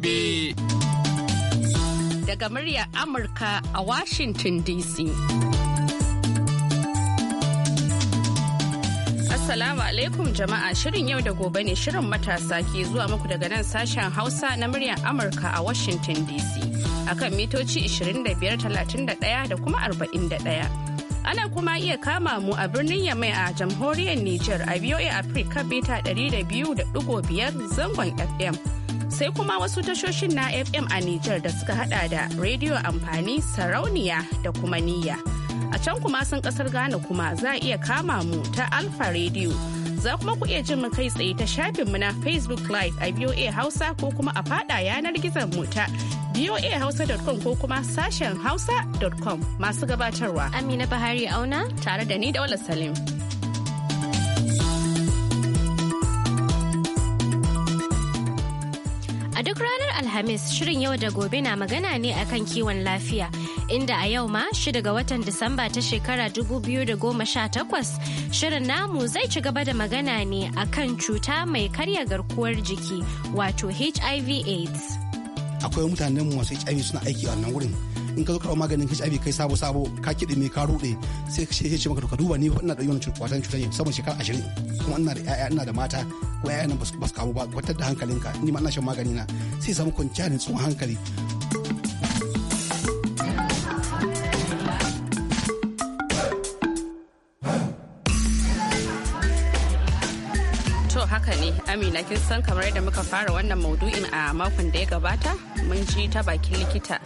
gobe. Daga muryar Amurka a Washington DC. Assalamu alaikum jama'a shirin yau da gobe ne shirin matasa ke zuwa muku daga nan sashen Hausa na muryar Amurka a Washington DC akan mitoci 25,31 da kuma 41. ana kuma iya kama mu a birnin yamai a jamhuriyar Nijar a VOA Africa bita 200.5 zangon FM. sai kuma wasu tashoshin na FM a Nijar da suka hada da rediyo amfani sarauniya da kuma niyya. A can kuma sun kasar Ghana kuma za a iya kama mu ta Alfa Radio. Za kuma ku iya jin mu kai tsaye ta shafinmu na Facebook Live a VOA Hausa ko kuma a fada yanar gizon mu ta voahausa.com ko kuma sashen hausa.com masu gabatarwa. Amina Bahari Auna tare da ni da wala Salim. Alhamis shirin yau da gobe na magana ne akan kiwon lafiya inda a yau ma shi daga watan Disamba ta shekara 2018 shirin namu zai ci gaba da magana ne akan cuta mai karya garkuwar jiki wato HIV AIDS. Akwai mutanen masu HIV suna aiki a wannan wurin in ka zo karɓar maganin HIV kai sabo sabo ka kiɗe me ka ruɗe sai ka ce maka ka duba ni ina da yawan cutar cutar ne saboda shekara 20 kuma ina da 'ya'ya ina da mata Waya nan ba su kamu ba kwatar da hankalinka ni ma shan magani na sai samu kwanciyar tsohon hankali To haka ne amina kin san kamar yadda muka fara wannan maudu'in a makon da ya gabata mun ji ta bakin likita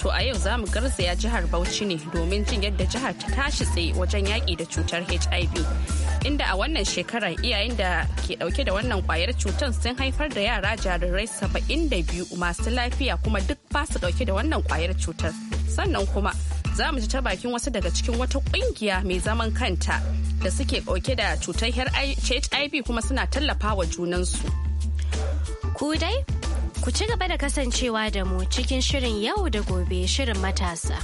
to a yau za mu garzaya jihar bauchi ne domin jin yadda jihar ta tashi tsaye wajen yaƙi da cutar hiv inda a wannan shekarar iyayen da ke dauke da wannan kwayar cutar sun haifar da yara jarirai saba'in da biyu masu lafiya kuma duk ba su dauke da wannan kwayar cutar sannan kuma za mu ji ta bakin wasu daga cikin wata kungiya mai zaman kanta da suke dauke da cutar hiv kuma suna tallafawa wa junansu ku dai ku ci gaba da kasancewa da mu cikin shirin yau da gobe shirin matasa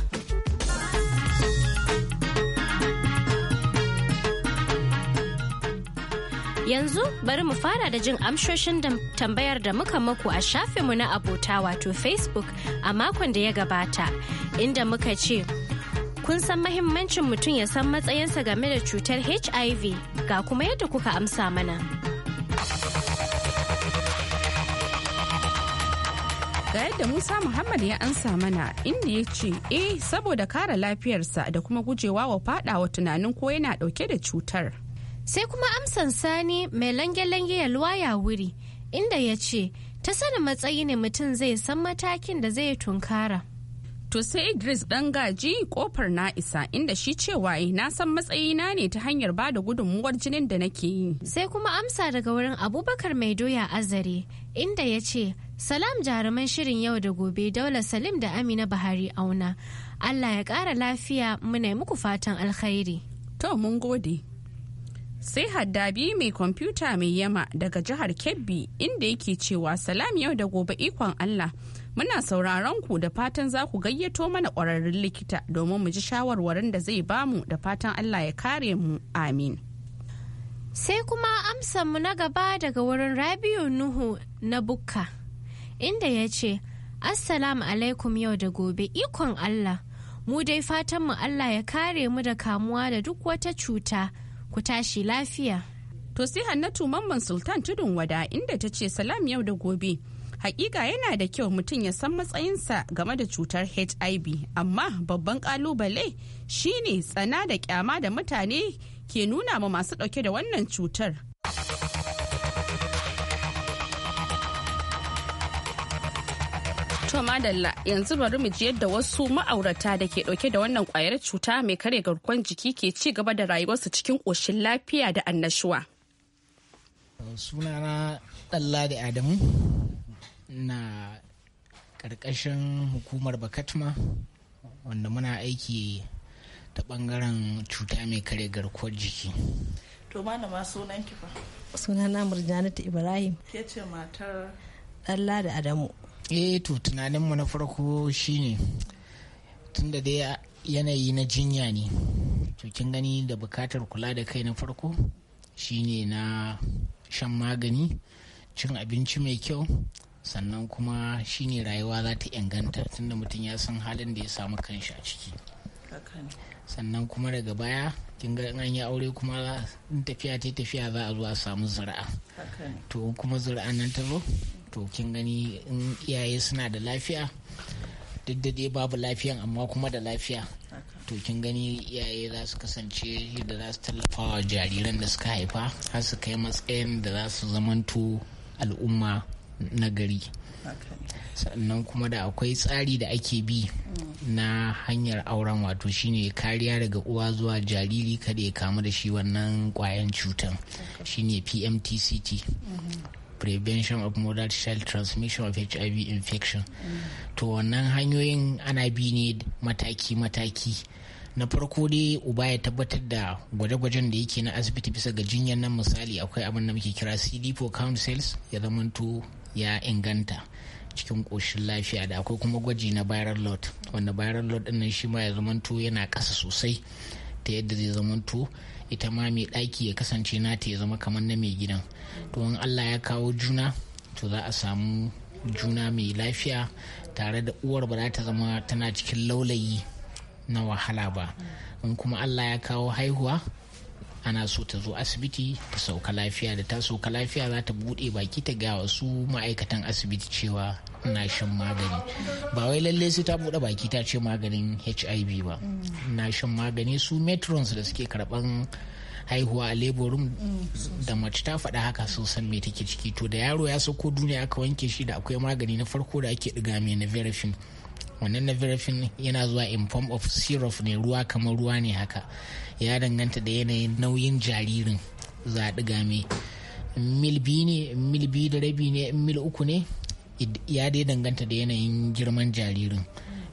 Yanzu bari mu fara da jin amshoshin tambayar da muka muku a mu na abota wato Facebook a makon da ya gabata, inda muka ce, Kun san mahimmancin mutum ya san matsayinsa game da cutar HIV ga kuma yadda kuka amsa mana. ga yadda Musa Muhammad ya ansa mana inda ya ce eh saboda kare lafiyarsa da kuma gujewa wa fadawa tunanin ko yana dauke da cutar. sai kuma amsan sani mai lange-lange ya ya wuri inda ya ce ta sani matsayi ne mutum zai san matakin da zai tunkara. To sai Idris ɗan gaji kofar na isa inda shi cewa eh, na san matsayi na ne ta hanyar ba da gudunmuwar jinin da nake yi. Sai kuma amsa daga wurin Abubakar mai doya azare inda ya ce Salam jaruman shirin yau da gobe Daula Salim da Amina bahari auna. Allah ya ƙara lafiya muna muku fatan alkhairi. To mun gode. sai haddabi mai kwamfuta mai yama daga jihar kebbi inda yake cewa salam yau da gobe ikon allah muna sauraron ku da fatan za ku gayyato mana ƙwararrun likita domin mu ji shawarwarin da zai bamu da fatan allah ya kare mu amin sai kuma mu na gaba daga wurin rabiu nuhu na bukka inda ya ce assalamu alaikum yau da gobe ikon allah mu dai fatanmu allah ya kare mu da kamuwa da duk wata cuta ku tashi lafiya. To sai Hannatu Mamman Sultan Tudun Wada inda ta ce salam yau da gobe. Hakika yana da kyau mutum ya san matsayinsa game da cutar HIV, amma babban kalubale shine tsana da kyama da mutane ke nuna ma masu dauke da wannan cutar. To madalla yanzu bari mu ji yadda wasu ma'aurata da ke dauke da wannan kwayar cuta mai kare garkuwar jiki ke ci gaba da rayuwarsu cikin ƙoshin lafiya da annashuwa. Uh, sunana da Adamu na ƙarƙashin hukumar Bakatma wanda muna aiki ta ɓangaren cuta mai kare garkuwar jiki. To malama sunan kifa. Sunana Murjanatu Ibrahim. Ke ce matar da Adamu. eh to tunaninmu na farko shine tunda dai yanayi na jinya ne to kin gani da bukatar kula da kai na farko shine na shan magani cin abinci mai kyau sannan kuma shine rayuwa za ta inganta tunda mutum ya san halin da ya samu kanshi a ciki sannan kuma daga baya kin ga an yi aure kuma in tafiya ta tafiya za a zo a samu zuri'a to kuma zuri'a nan ta zo to kin gani in iyaye suna da lafiya duk da dai babu lafiyan amma kuma da lafiya to kin gani iyaye za su kasance da za su tallafa wa jariran da suka haifa har su kai matsayin da za su zamanto al'umma na gari sannan kuma da akwai tsari da ake bi na hanyar auren wato shine kariya daga uwa zuwa jariri kada ya kamu da shi wannan kwayan cutan shine pmtct prevention of modern child transmission of hiv infection to wannan hanyoyin ana bi ne mataki-mataki na farko dai uba ya tabbatar da gwaje-gwajen da yake na asibiti bisa ga jinyar nan misali akwai abin da muke kira cd4 count cells ya zamanto ya inganta cikin koshin lafiya da akwai kuma gwaji na viral load wanda viral load din nan shi ma ya zamanto yana ƙasa sosai ta yadda zai zamanto ita ma mai ɗaki ya kasance nata ya zama kamar na mai gidan to in allah ya kawo juna to za a samu juna mai lafiya tare da uwar ba za ta zama tana cikin laulayi na wahala ba in kuma allah ya kawo haihuwa ana so ta zo asibiti ta sauka lafiya da ta sauka lafiya za ta bude baki ta ga wasu ma'aikatan asibiti cewa na shan magani ba wai lalle sai ta bude baki ta ce maganin hiv ba nashin shan magani su matrons da suke karban haihuwa a labor da mace ta faɗa haka sun san me take ciki to da yaro ya sauko duniya aka wanke shi da akwai magani na farko da ake ɗiga mai na verifin wannan na verifin yana zuwa in form of syrup ne ruwa kamar ruwa ne haka ya danganta da yanayin nauyin jaririn za a ɗiga mai mil biyu ne mil biyu da rabi ne mil uku ne ya dai danganta da yanayin girman jaririn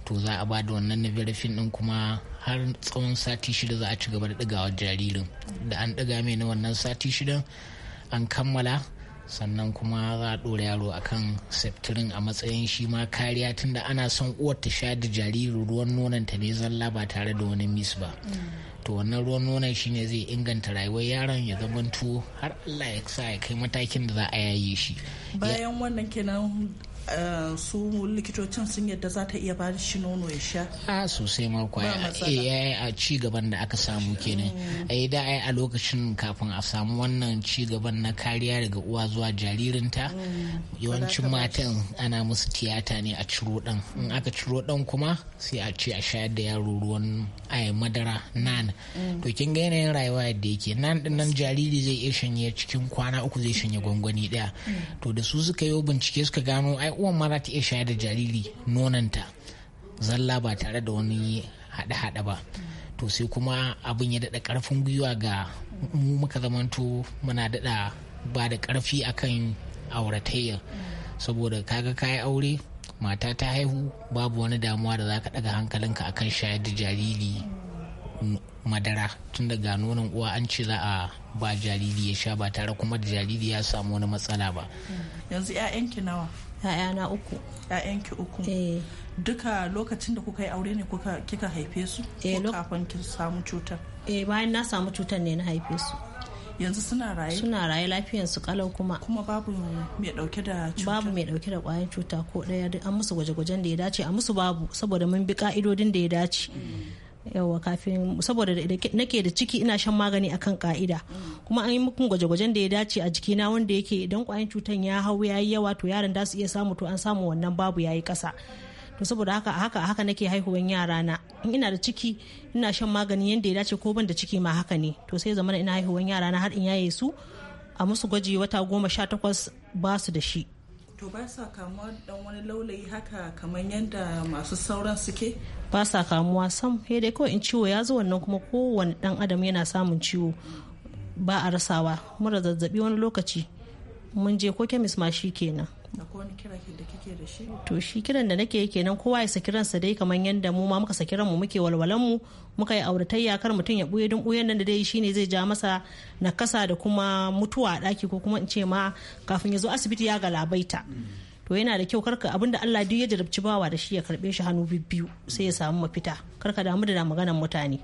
to za a ba da wannan na verifin din kuma har tsawon sati shida za a ci gaba da ɗigawa jaririn da an ɗiga mai na wannan sati shidan an kammala sannan kuma za a ɗora yaro a kan septirin a matsayin shi ma kariya tunda ana son uwar ta sha da jaririn ruwan nonon ta ne zalla ba tare da wani mis ba to wannan ruwan nonon shine zai inganta rayuwar yaron ya zamanto har allah ya sa ya kai matakin da za a yaye shi bayan wannan kenan Eh, su likitocin sun yadda za ta iya bada shi nono ya sha a sosai ma yi eh, a ci gaban da aka samu kenan a mm. eh, da ai a lokacin kafin a samu wannan cigaban na kariya daga uwa zuwa jaririnta mm. yawancin matan ana musu tiyata ne a ciro dan in aka ciro dan kuma sai a ce a shayar da yaro ruwan ai madara nan mm. to kin ga yanayin rayuwa yadda yake nan din nan jariri zai iya shanye cikin kwana uku zai shanye gwangwani daya to da su suka yi bincike suka gano ai uwan ma za ta iya shayar da jariri nonanta zalla ba tare da wani haɗe-haɗe ba to sai kuma abin ya daɗa ƙarfin gwiwa ga mu muka zamanto muna daɗa ba da ƙarfi akan auratayya saboda kaga kayi aure mata ta haihu babu wani damuwa da za ka ɗaga hankalinka akan shayar da jariri madara tun daga nonon uwa an ce za a ba jariri ya sha ba tare kuma da jariri ya samu wani matsala ba yanzu 'ya'yanki nawa na uku ki eh. uku duka lokacin da kuka yi aure ne kika haife su eh, ko kafin ki samu cutar eh bayan na samu cutar ne na haife su yanzu suna raye suna raye lafiyar su kalau kuma kuma babu mai dauke da cuta babu mai dauke da kwayar cuta ko daya an musu gwaje-gwajen da ya dace a musu babu saboda mun bi ka'idodin da ya dace yawa kafin saboda nake da ciki ina shan magani akan ka'ida kuma an yi muku gwaje-gwajen da ya dace a jikina wanda yake idan kwayan cutan ya hau ya yi yawa to yaron da su iya samu to an samu wannan babu ya yi kasa to saboda haka haka haka nake haihuwan yara na in ina da ciki ina shan magani yadda ya dace ko ban da ciki ma haka ne to sai zamana ina haihuwan yara na har in yaye su a musu gwaji wata goma sha takwas ba su da shi to ba sa kamuwa dan wani laulayi haka kamar yadda masu sauran suke ba sa kamuwa sam he dai kawai in ciwo ya zo wannan kuma kowane dan adam yana samun ciwo ba a rasawa mura zazzabi wani lokaci mun je ko kemis ma shi kenan to shi kiran da nake kenan kowa ya saki ransa dai kamar yadda mu ma muka saki ranmu muke walwalan mu muka yi auratayya kar mutum ya buye dun buyen nan da dai shine zai ja masa nakasa da kuma mutuwa a daki ko kuma in ce ma kafin ya zo asibiti ya galabaita to yana da kyau karka abinda Allah duk ya jarabci bawa da shi ya karbe shi hannu biyu sai ya samu mafita karka damu da maganar mutane.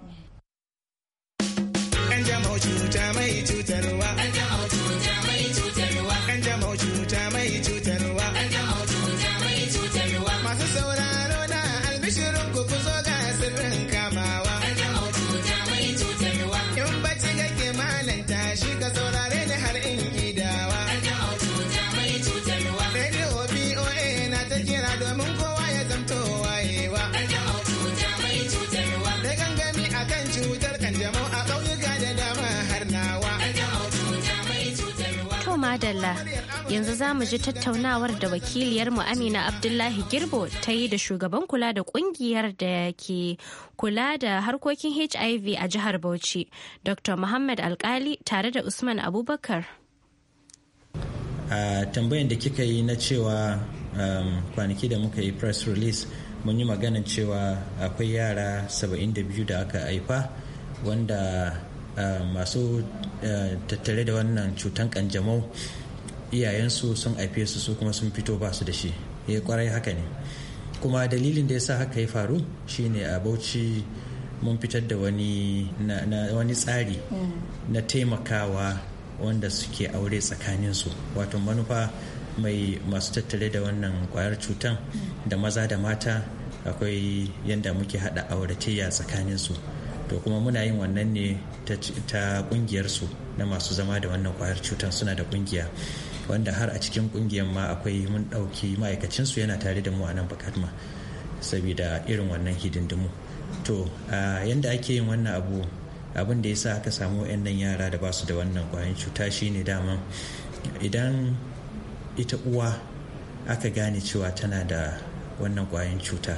yanzu za mu ji tattaunawar da wakiliyarmu amina abdullahi girbo ta yi da shugaban kula da kungiyar da ke kula da harkokin hiv a jihar bauchi dr muhammad alkali tare da usman abubakar a tambayan da kika yi na cewa um, kwanaki da muka yi press release mun yi maganin cewa akwai yara 72 da aka haifa wanda Eh, masu eh, tattare da wannan cutan kanjamau iyayensu sun haife su su kuma sun fito basu da shi ya eh, kwarai haka ne kuma dalilin da ya sa haka ya faru shine a bauchi mun fitar da wani tsari mm. na taimakawa wanda suke aure tsakaninsu wato manufa mai masu tattare da wannan kwayar cutan mm. da maza da mata akwai yadda muke hada auratayya tsakaninsu to kuma muna yin wannan ne ta kungiyarsu na masu zama da wannan kwayar cutar suna da kungiya wanda har a cikin kungiyar ma akwai mun ɗauki ma'aikacinsu yana tare da mu a nan bakatma saboda irin wannan hidindimu to yadda ake yin wannan abu abin da ya sa aka samu nan yara da basu da wannan kwayan cuta shine dama idan ita uwa aka gane cewa tana da wannan kwayan cuta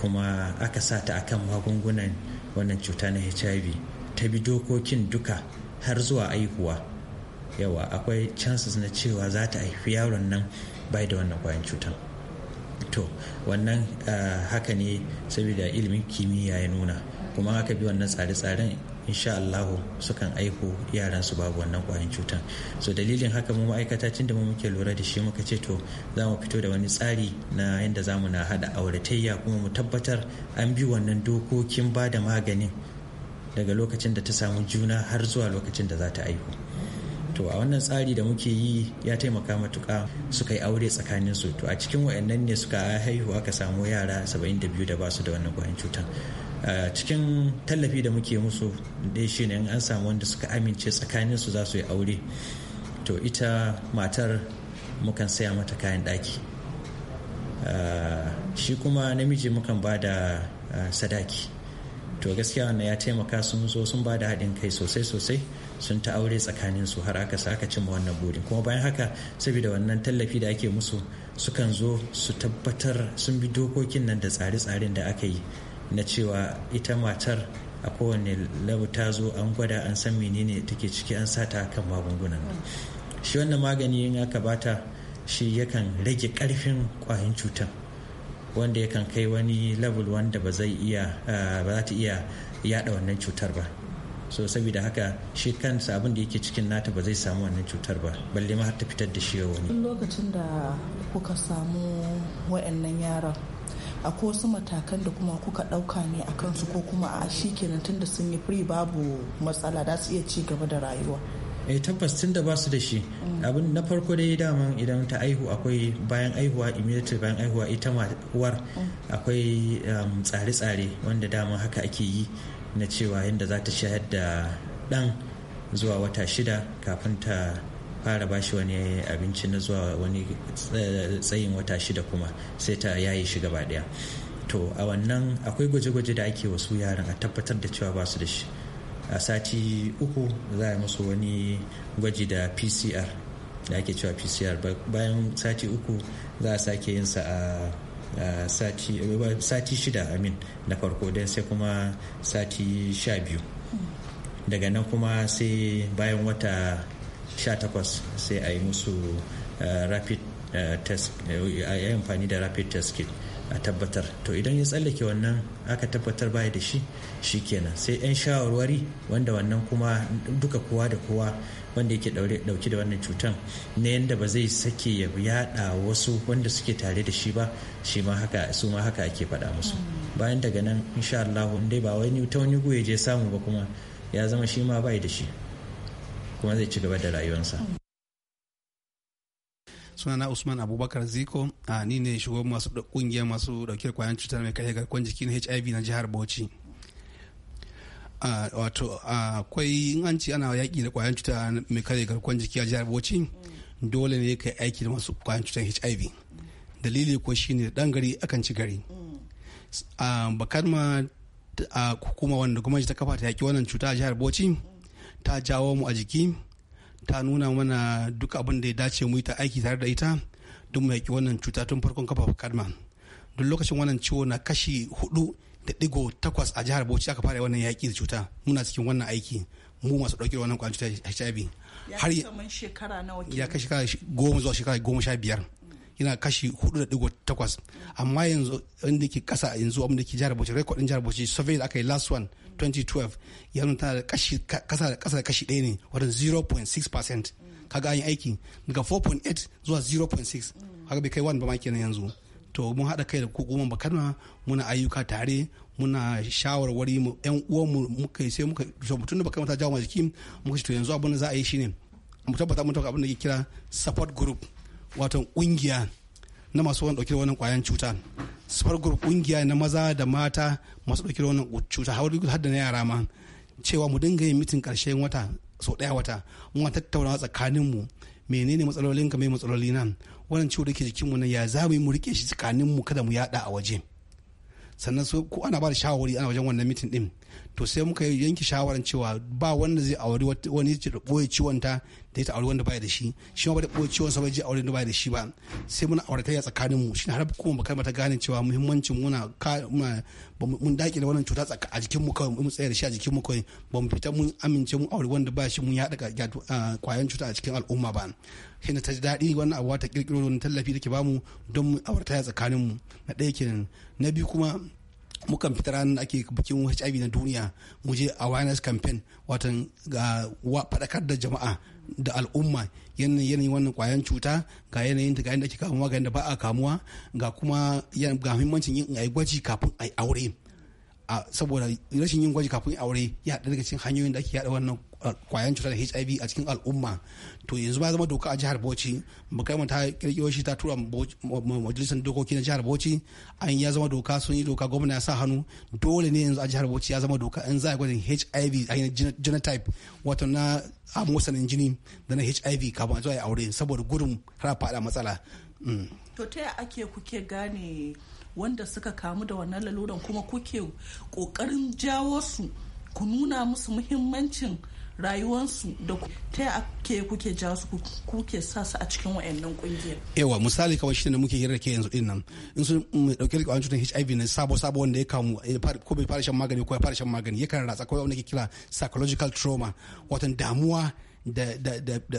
kuma aka sa ta akan magungunan wannan cuta na hiv ta bi dokokin duka har zuwa aihuwa yawa akwai chances na cewa za ta haifi yaron nan bai da wannan kwayan cutan to wannan ah, haka ne saboda ilimin kimiyya ya nuna kuma haka bi wannan tsare-tsaren insha Allahu sukan aiko yaran su babu wannan kwayan cutan so dalilin haka mu ma'aikata tun da mu muke lura da shi muka ce to za mu fito da wani tsari na yadda za mu na hada auratayya kuma mu tabbatar an bi wannan dokokin ba da maganin daga lokacin da ta samu juna har zuwa lokacin da za ta aihu to a wannan tsari da muke yi ya taimaka matuka suka yi aure tsakanin su to a cikin wayannan ne suka haihu aka samu yara 72 da ba su da wannan kwayan cutan Eh, cikin tallafi da muke musu da shi ne an samu wanda suka amince tsakanin su za su yi aure to ita matar mukan saya mata kayan ɗaki eh, shi kuma namiji mukan ba da eh, sadaki to gaskiya wannan ya taimaka sun zo sun ba da haɗin kai sosai sosai sun ta aure tsakanin su har aka sa aka cimma wannan burin kuma bayan haka saboda wannan tallafi da ake musu sukan zo su tabbatar sun bi dokokin nan da tsare-tsaren da aka yi na cewa ita matar a kowane labu ta zo an gwada an san menene take ciki an sata kan magungunan shi wannan magani in aka bata shi yakan rage karfin kwayan cutan wanda yakan kai wani level wanda ba iya ba za ta iya yada wannan cutar ba so saboda haka shi kan abin da yake cikin nata ba zai samu wannan cutar ba balle ma har ta fitar da shi wani lokacin da kuka samu wa'annan yaran akwai wasu matakan da kuma kuka ɗauka ne a kansu ko kuma a shi kenan tunda sun yi free babu matsala da su iya ci gaba da rayuwa eh tabbas tun da basu da shi mm. abin na farko dai dama idan ta aihu akwai bayan aihuwa immediately bayan aihuwa ita uwar mm. akwai um, tsare-tsare wanda dama haka ake yi na cewa yadda za ta shayar da ɗan zuwa wata shida kafin ta fara ba shi wani abinci na zuwa wani eh, tsayin wata shida kuma sai ta yayi shi gaba daya to a wannan akwai gwaje-gwaje da ake wasu yaran a tabbatar da cewa ba su da shi a sati uku za a musu wani gwaji da pcr da ake cewa pcr bayan sati uku za a sake yin sa a sati shida amin na farko don sai kuma sati sha biyu hmm. daga nan kuma sai bayan wata 18 sai a yi musu eh, rapid eh, test eh, a yi amfani da rapid test kit a tabbatar to idan ya tsallake wannan aka tabbatar baya da shi shi kenan sai 'yan shawarwari wanda wannan kuma duka kowa da kowa wanda yake dauke da wannan cutan na yadda ba zai sake ya yada wasu wanda suke tare da shi ba shi ma haka su ma haka ake faɗa musu bayan daga nan insha Allah dai ba wani ta wani ya je samu ba kuma ya zama shi ma bai da shi kuma zai ci gaba da rayuwarsa sunana usman abubakar ziko a ni ne shugaban masu kungiyar masu dauke kwayan cutar mai karya garkuwar jiki na hiv na jihar bauchi wato akwai in an ci ana yaƙi da kwayan cuta mai karya garkuwar jiki a jihar bauchi dole ne ka aiki da masu kwayan cutar hiv dalili ko shine dan gari akan ci gari bakar ma a hukuma wanda gwamnati ta kafa ta yaƙi wannan cuta a jihar bauchi ta jawo mu a jiki ta nuna mana duk abin da ya dace mu yi ta aiki tare da ita duk mu yaki wannan cuta tun farkon kafa kadma duk lokacin wannan ciwo na kashi hudu da digo takwas a jihar bauchi aka fara wannan yaki da cuta muna cikin wannan aiki mu masu ɗauke wannan kwan cuta hiv har ya kai shekara goma zuwa shekara goma sha biyar yana kashi 4.8 amma yanzu wanda ke kasa yanzu wanda ke jihar Bauchi rekodin jihar Bauchi survey da aka yi last one 2012 yanzu tana da kashi kasa da kasa da kashi ɗaya ne wato 0.6% percent kaga an yi aiki daga 4.8 zuwa 0.6 haka bai kai wani ba ma kenan yanzu to mun haɗa kai da hukumar bakana muna ayyuka tare muna shawarwari mu yan uwanmu muka sai muka so mutum da baka mata jawo jiki muka ce to yanzu abin da za a yi shine mu tabbata mun tabbata abin da ke kira support group wato kungiya na masu wani dauke wani ƙwayan kwayan cuta spargur kungiya na maza da mata masu dauke wani cuta har da na yara ma cewa mu dinga yin mitin ƙarshen wata sau daya wata muna tattaunawa mu menene matsalolinka mai matsaloli nan wannan ciwo da ke jikinmu na ya za mu yi mu rike shi mu kada mu yada a waje sannan su ko ana ba da shawari ana wajen wannan mitin din to sai muka yanke shawaran cewa ba wanda zai auri wani ce da boye ciwon ta da ita auri wanda bai da shi shi ma ba da boye ciwon sa bai je aure wanda bai da shi ba sai muna auratayya tsakanin mu shine har kuma bakar ta gane cewa muhimmancin muna mun dake da wannan cuta a jikin mu kawai mu tsaya da shi a jikin mu kawai ba mu fita mun amince mun aure wanda ba shi mun yaɗa kwayan cuta a cikin al'umma ba shi ta ji daɗi wannan abuwa ta kirkiro wani tallafi da ke bamu don mu auratayya tsakanin mu na ɗaya kenan na biyu kuma mukan fitar ranar ake bikin hiv na duniya mu je awareness campaign watan ga faɗakar da jama'a da al'umma yanayin wannan kwayan cuta ga yanayin da ga ake kamuwa ga yadda ba a kamuwa ga kuma ga muhimmancin yin ayi gwaji kafin ayi aure saboda rashin yin gwaji kafin aure ya daga cikin hanyoyin da ake yada wannan kwayan cutar hiv a cikin al'umma to yanzu ba zama doka a jihar bauchi bukaima ta kirkiro shi ta tura majalisar dokoki na jihar bauchi an ya zama doka sun yi doka gwamna ya sa hannu dole ne yanzu a jihar bauchi ya zama doka in za a gwajin hiv a genotype wato na amosanin jini da na hiv kafin a zuwa aure saboda gudun har faɗa matsala mm. to ta yaya ake kuke gane wanda suka kamu da wannan laluran kuma kuke kokarin jawo su ku nuna musu muhimmancin rayuwansu da ta ake kuke ja su kuke sa su a cikin wayannan kungiyar yawa misali kawai shi da muke hira ke yanzu din nan in sun dauke mm, da kwayoyin cutar HIV ne sabo sabo wanda ya kamu ko bai fara shan magani ko ya fara shan magani yakan ratsa kawai wanda ke kira psychological trauma watan damuwa da da da da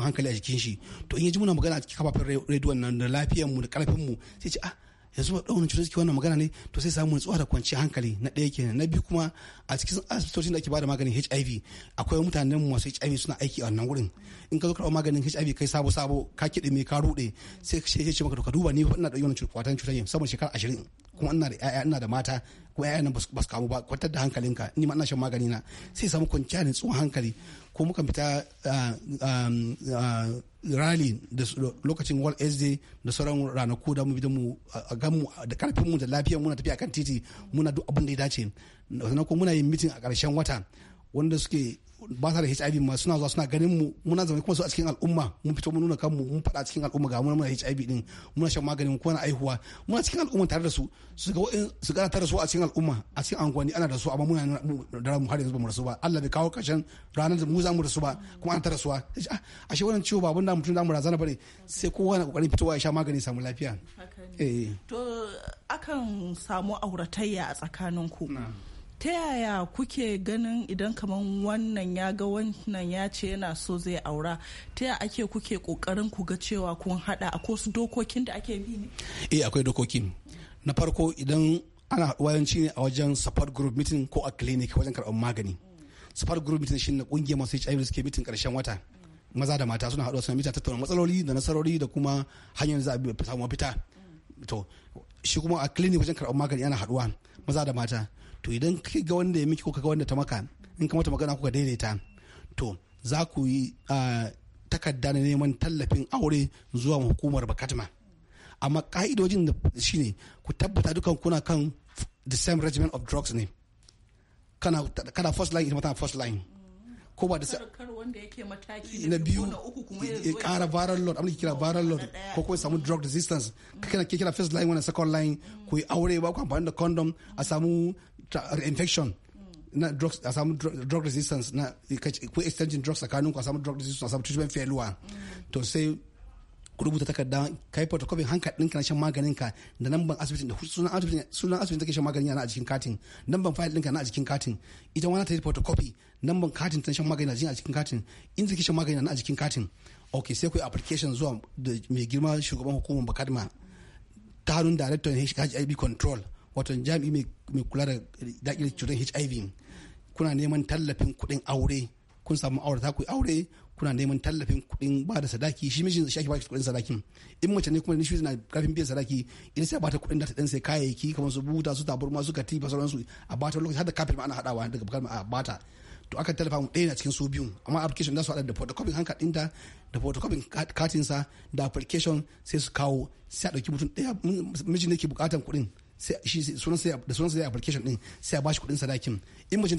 hankali a jikin shi to in ya ji muna magana a cikin kafafen rediyon nan da lafiyar mu da karfinmu mu sai ce ah yanzu ba ɗaunin cutar suke wannan magana ne to sai samu nutsuwa da kwanciyar hankali na ɗaya kenan na biyu kuma a cikin asibitocin da ake bada maganin HIV akwai mutanen masu HIV suna aiki a wannan wurin in ka zo karɓar maganin HIV kai sabo sabo ka kiɗe me ka ruɗe sai ka ce maka to ka duba ni ina da wannan cutar saboda shekara ashirin kuma ina da ƴaƴa ina da mata ko ƴaƴa na ba su kamu ba kwantar da hankalinka ni ma ina shan magani na sai samu kwanciya da tsohon hankali ko muka fita ah, ah, ah, rally da lokacin world aids day da sauran ranaku da mu bi mu a mu da karfin mu da lafiyar muna tafiya kan titi muna duk abin da ya dace sannan kuma muna yin mitin a ƙarshen wata wanda suke ba sa da HIV ma suna zuwa suna ganin mu muna zaune kuma su a cikin al'umma mun fito mun nuna kanmu mun faɗa cikin al'umma ga muna HIV din muna shan magani mun kuma aihuwa muna cikin al'umma tare da su su ga su ga tare da su a cikin al'umma a cikin angwani ana da su amma muna da mu har yanzu ba mu rasu ba Allah bai kawo karshen ranar da mu za mu rasu ba kuma an tara suwa ah, ashe wannan ciwo ba abin da mutum da mu razana bane sai kowa na kokarin fitowa ya sha magani samu lafiya eh to akan samu auratayya a tsakanin ku ta yaya kuke ganin idan kamar wannan ya ga wannan ya ce yana so zai aura ta yaya ake kuke kokarin ku ga cewa kun hada a su dokokin da ake bi ne eh akwai dokokin na farko idan ana haɗuwa yanci ne a wajen support group meeting ko a clinic wajen karɓar magani support group meeting shine kungiyar masu HIV suke meeting karshen wata maza da mata suna haɗuwa suna mita tattauna matsaloli da nasarori da kuma hanyar za a samu mafita to shi kuma a clinic wajen karɓar magani ana haɗuwa maza da mata to idan kake ga wanda ya miki ko kaga wanda ta maka in ka mata magana kuka daidaita to za ku yi takarda na neman tallafin aure zuwa hukumar bakatma amma ka'idojin da shi ne ku tabbata dukan kuna kan the same regimen of drugs ne kana kana first line ita mata first line ko ba da na biyu ya kara viral load abin kira viral load ko kuma samu drug resistance ka kira kira first line wannan second line ku yi aure ba ku amfani da condom a samu Infection. na drugs a samu drug resistance na ko drugs ku a samu drug resistance a samu treatment failure to sai ku rubuta takarda kai photocopy hankali ɗinka na shan maganin ka da asibitin da sunan asibitin sunan asibitin take shan maganin yana a jikin katin file a katin ita ta yi katin ta shan maganin a katin in take shan maganin a katin ok sai ku application zuwa da mai girma shugaban hukumar bakadma ta hannun director hiv control wato jami'i mai kula da daƙilar cutar hiv kuna neman tallafin kuɗin aure kun samu aure ta ku aure kuna neman tallafin kuɗin ba da sadaki shi mijin shi ake ba kuɗin sadakin in mace ne kuma nishi na kafin biyan sadaki idan sai ba ta kuɗin da ta ɗan sai kayayyaki kamar su buta su taburma su katifa sauransu a bata lokaci har da kafin ana hadawa daga bukar a bata to aka tallafa mu ɗaya na cikin su biyun amma application da su haɗa da photocopy hanka ɗinta da photocopy katinsa da application sai su kawo sai a ɗauki mutum ɗaya mijin ne ke buƙatar kuɗin da sunan sai application din sai a bashi kudin sadakin in mace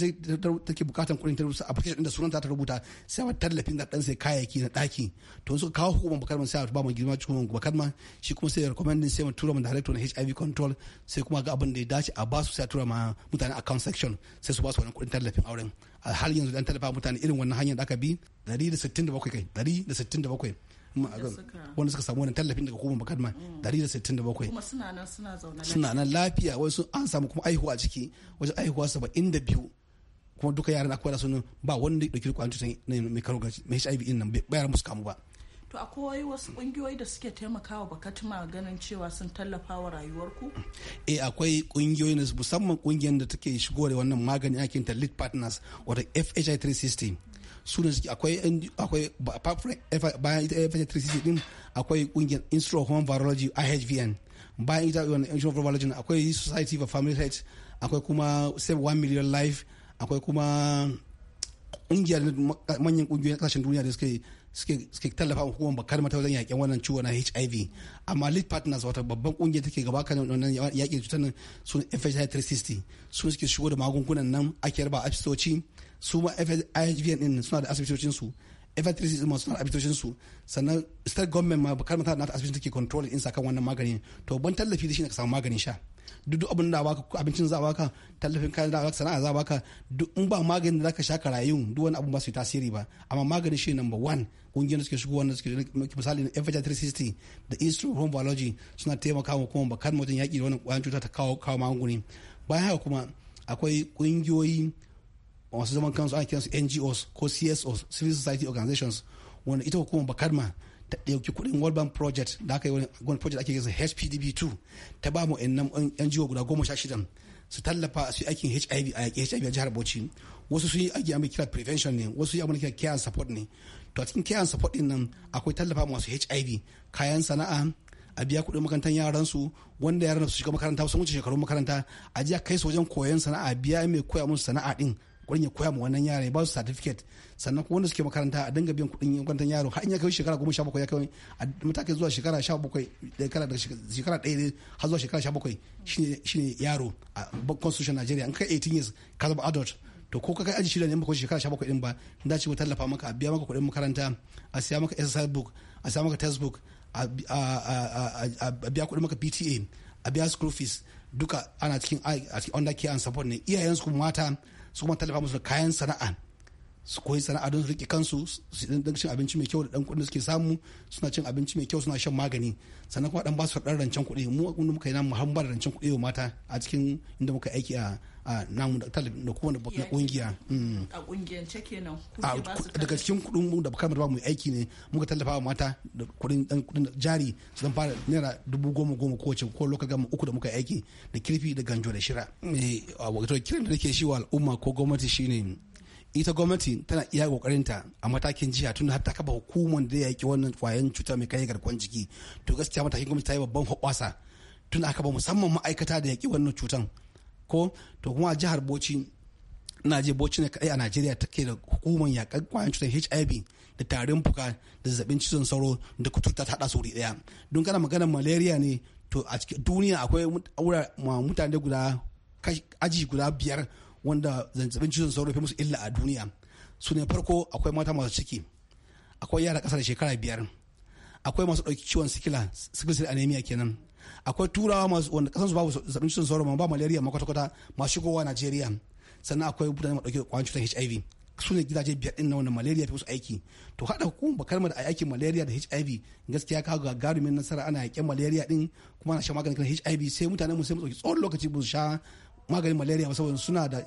take bukatan kudin ta rubuta application din da sunan ta ta rubuta sai a tallafin da dan sai kayayyaki na daki to su kawo hukumar bakar sai a ba mu girma cikin bakar man shi kuma sai recommending sai mu tura mu director na HIV control sai kuma ga abin da ya dace a ba su sai a tura ma mutane account section sai su ba su wannan kudin tallafin auren har yanzu dan tallafa mutane irin wannan hanyar da aka bi 167 kai 167 wanda suka samu wannan tallafin daga hukumar mm. bakadma 167 kuma suna nan suna zaune suna nan lafiya wasu an samu kuma aihuwa a ciki wajen aihuwa 72 kuma duka yaran akwai da sunan ba wanda ya dauki kwayan cutar mai karo ga HIV din nan ba yaran musu kamu ba to akwai wasu kungiyoyi da suke taimakawa ma ganin cewa sun tallafa wa rayuwarku eh akwai kungiyoyi musamman kungiyar da take shigo da wannan magani akin ta lead partners wato FHI 360 su ne suke akwai akwai bayan ita fh 3 din akwai kungiyar Institute of Home Virology IHVN bayan ita wannan Institute of Virology akwai Society for Family Health akwai kuma Save one Million Life akwai kuma kungiyar manyan kungiyoyin kasashen duniya da suke suke tallafa wa hukumar bakar mata wajen yakin wannan ciwo na HIV amma lead partners wata babban kungiyar take gaba kan wannan yakin cutar nan sun FHI 360 sun suke shigo da magungunan nan ake raba asibitoci su ma FHIVN din suna da asibitocin su FHI 360 ma suna da asibitocin su sannan state government ma bakar mata na asibitocin take control din sakan wannan maganin to ban tallafi da shi ne ka samu maganin sha duk abin da baka abincin za baka tallafin kayan da baka sana'a za baka duk in ba maganin da zaka sha ka rayu duk wani abu ba su tasiri ba amma maganin shi number one kungiyar suke shigo wanda suke misali na Evita 360 da Institute Home Biology suna taimaka wa kuma bakar mutum yaƙi da wannan kwayan cuta ta kawo kawo magunguni bayan haka kuma akwai kungiyoyi masu zaman kansu ana kiransu NGOs ko CSOs civil society organizations wanda ita hukumar bakarma ta ɗauki kuɗin world bank project da aka yi wani project ake yanzu hpdb 2 ta ba mu yan jiwo guda goma sha shidan su tallafa su yi aikin hiv a yaƙi hiv a jihar bauchi wasu sun yi aiki a kira prevention ne wasu yi abin kira care and support ne to a cikin care and support din nan akwai tallafa masu hiv kayan sana'a a biya kuɗin makarantar yaran su wanda yaran su shiga makaranta sun wuce shekarun makaranta a jiya kai su wajen koyon sana'a biya mai koya musu sana'a din gurin ya koya ma wannan yare ya ba su certificate sannan kuma wanda suke makaranta a dinga biyan kuɗin makarantar yaro har in ya kai shekara goma sha bakwai ya kai a zuwa shekara sha bakwai daga shekara ɗaya har zuwa shekara sha bakwai shine yaro a constitution Nigeria in kai 18 years ka zama adult to ko ka kai aji shida ne maka shekara sha bakwai din ba da ce tallafa maka a biya maka kuɗin makaranta a siya maka exercise book a siya maka textbook a biya kuɗin maka PTA a biya school fees duka ana cikin under care and support ne iyayensu kuma mata su kuma tallafa musu kayan sana'a su koyi sana'a don su rike kansu su dan cin abinci mai kyau da dan kuɗin da suke samu suna cin abinci mai kyau suna shan magani sannan kuma dan ba su dan rancen kuɗi mu kun muka yi namu muhammad da rancen kuɗi wa mata a cikin inda muka aiki a namu da talabin da kowane kungiya mm. a kenan daga cikin kuɗin mu da kamar ba mu aiki ne muka tallafa wa mata da kuɗin dan kuɗin jari su dan fara naira dubu goma goma wacce ko lokacin gama uku da muka aiki da kirfi da ganjo da shira eh wato kiran da nake shi wa al'umma ko gwamnati shine ita gwamnati tana iya kokarinta a matakin jiha tun har ta kafa hukumar da ya yaki wannan kwayan cuta mai kai garkuwar jiki to gaskiya matakin gwamnati ta yi babban hoɓasa tun aka ba musamman ma'aikata da yaki wannan cutan ko to kuma a jihar Bauchi ina je Bauchi ne kadai a Najeriya take da hukumar yakan kwayan cutar HIV da tarin fuka da zazzabin cizon sauro da kuturta ta hada suri daya don kana magana malaria ne to a cikin duniya akwai mutane guda aji guda biyar wanda zazzabin cizon sauro fi musu illa a duniya su ne farko akwai mata masu ciki akwai yara ƙasa da shekara biyar akwai masu ɗauki ciwon sikila sickle cell anemia kenan akwai turawa masu wanda ƙasar su babu zazzabin cizon sauro ba malaria ma kwata-kwata masu shigowa najeriya sannan akwai mutane masu ɗauki da cutar hiv su ne gidaje biyar din na wannan malaria fi musu aiki to haɗa hukumar kalmar da aikin malaria da hiv gaskiya ka ga garumin nasara ana yaƙin malaria din kuma ana shan maganin hiv sai mutane mu sai mu tsawon lokaci mu sha maganin malaria ba saboda suna da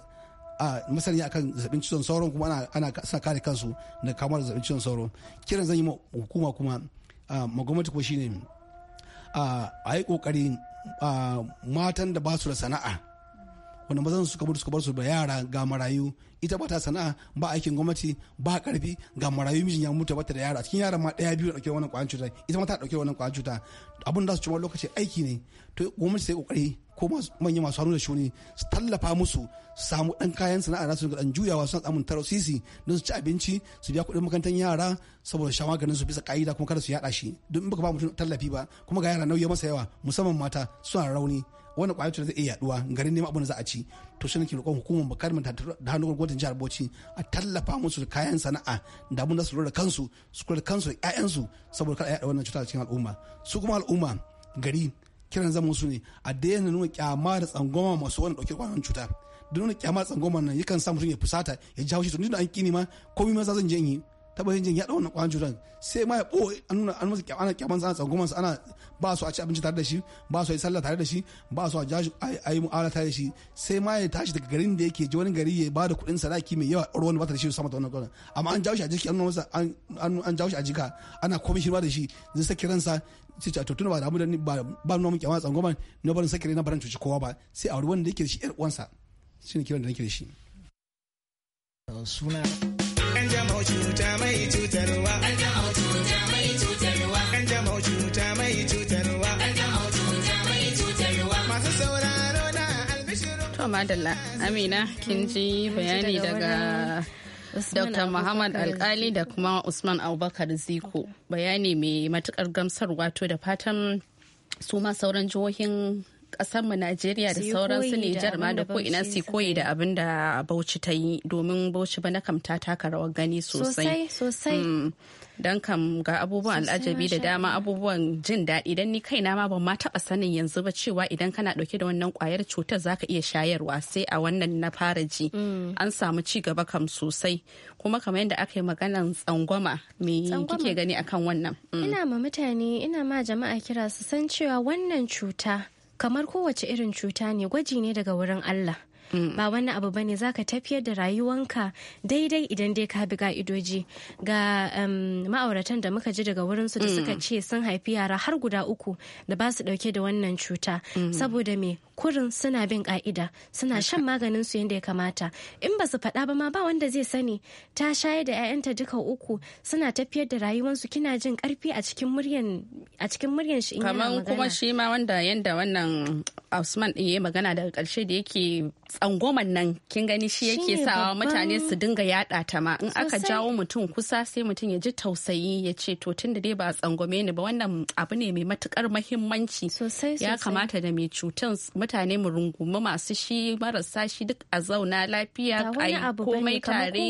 a masani akan zazzabin cizon sauro kuma ana sa kare kansu da kamar zazzabin cizon sauro kiran zan yi ma hukuma kuma a gwamnati kuma shine a yi ƙoƙari matan da ba su da sana'a wanda mazan su mutu suka bar su ba yara ga marayu ita ba ta sana'a ba aikin gwamnati ba karfi ga marayu mijin ya mutu bata da yara cikin yaran ma daya biyu dauke wannan kwayan cuta ita ma ta dauke wannan kwayan cuta abin da su ci lokaci aiki ne to gwamnati sai kokari ko manya masu hannu da shuni su tallafa musu su samu dan kayan sana'a da su ga dan juyawa su samu taro sisi don su ci abinci su biya kuɗin makarantar yara saboda shan maganin su bisa ka'ida kuma kada su yada shi don in baka ba mutum tallafi ba kuma ga yara nauyi masa yawa musamman mata suna rauni wannan kwayar cutar zai iya yaduwa garin neman abin da za a ci to shi ke roƙon hukumar bakar mu da hannun gwamnatin jihar Bauchi a tallafa musu da kayan sana'a da mun da su lura kansu su kula da kansu da ƴaƴansu saboda kada a yaɗa wannan cuta cikin al'umma su kuma al'umma gari kiran zaman su ne a daina nuna kyama da tsangwama masu wani ɗauke kwanan cuta da nuna kyama tsangwama nan yakan sa mutum ya fusata ya jawo shi to ni da an kini ma komai ma za zan je in yi taba yin jin ya dauna kwan cutar sai ma ya bo an nuna an masa ana kyaman sana tsangumansa ana ba su a ci abinci tare da shi ba su a yi sallah tare da shi ba su a shi a yi mu'ala tare da shi sai ma ya tashi daga garin da yake je wani gari ya ba da kuɗin sadaki mai yawa ɗaura wani ba ta da shi sama ta wannan kwanan amma an jawo shi a jiki an nuna masa an jawo shi a jika ana komai shirma da shi zai saki ransa sai ce to ba da mu da ba ba nuna mun kyamata tsangwama na barin sakiri na barin cuci kowa ba sai a da yake da shi ƴar uwansa ne kiran da nake da shi suna Kanjamau cuta mai cutarwa. Kanjamau cuta mai cutarwa. Kanjamau cuta cuta mai cutarwa. Masu sauraro na albishiru. To madalla Amina kin ji bayani daga Dr. Muhammad Alkali da kuma Usman Abubakar Ziko bayani mai matukar gamsarwa to da fatan su ma sauran jihohin mu Najeriya da sauransu Nijar ma da ko ina su koyi da abin da Bauchi ta yi domin Bauchi ba na kam ta taka rawar gani sosai. Sosai mm. Dan kam ga abubuwan al'ajabi da dama abubuwan jin daɗi dan ni kaina ma ban ma taɓa sanin yanzu ba cewa idan kana ɗauke da wannan kwayar cutar zaka iya shayarwa sai a wannan na fara ji. Mm. An samu ci gaba kam sosai kuma kamar yadda aka yi maganan tsangwama me kike gani akan wannan. Mm. Ina ma mutane ina ma jama'a kira su san cewa wannan cuta kamar kowace irin cuta ne gwaji ne daga wurin Allah Mm. ba wani abu bane zaka tafiyar da rayuwanka daidai idan dai ka bi ka'idoji ga um, ma'auratan da muka ji daga wurinsu da mm. suka ce sun haifi yara har guda uku da ba su dauke da wannan cuta mm. saboda me kurin suna bin ka'ida suna shan maganin su yadda ya kamata in ba su faɗa ba ma ba wanda zai sani ta shayar da 'ya'yanta duka uku suna tafiyar da rayuwansu kina jin karfi a cikin muryan a cikin muryan shi in kuma shi ma wanda yanda wannan Usman din yayi magana daga karshe da yake tsangwaman nan kin gani shi yake sawa mutane su dinga yada ta ma in aka jawo mutum kusa sai mutum ya ji tausayi ya ce to tun da dai ba tsangwame ni ba wannan abu ne mai matukar mahimmanci ya kamata da mai cutan mutane mu rungumi masu shi marasa shi duk a zauna lafiya kai komai tare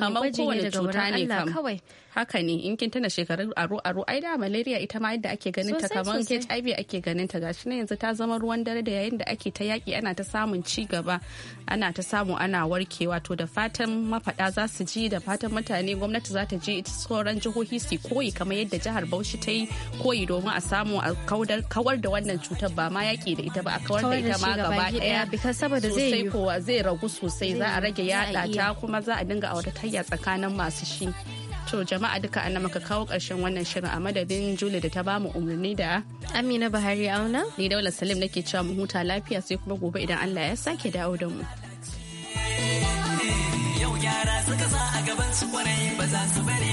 kamar kowane cuta ne kam haka ne in kin tana shekarun aro aro ai da malaria ita ma yadda ake ganin ta kamar HIV ake ganin ta gashi ne yanzu ta zama ruwan dare da yayin da ake ta yaki ana ta samun ci gaba gaba ana ta samu ana warkewa to da fatan mafaɗa za su ji da fatan mutane gwamnati za ta je ita sauran jihohi su koyi kamar yadda jihar Bauchi ta yi koyi domin a samu a kawar da wannan cutar ba ma yaƙi da ita ba a kawar da ita ma gaba ɗaya sosai kowa zai ragu sosai za a rage yaɗa ta kuma za a dinga auratayya tsakanin masu shi. to jama'a duka an maka kawo karshen wannan shirin a madadin juli da ta bamu umarni da amina bahari auna ni daula salim nake cewa mu huta lafiya sai kuma gobe idan allah ya sake dawo da mu yau yara suka sa a gaban su kwarai ba za su bari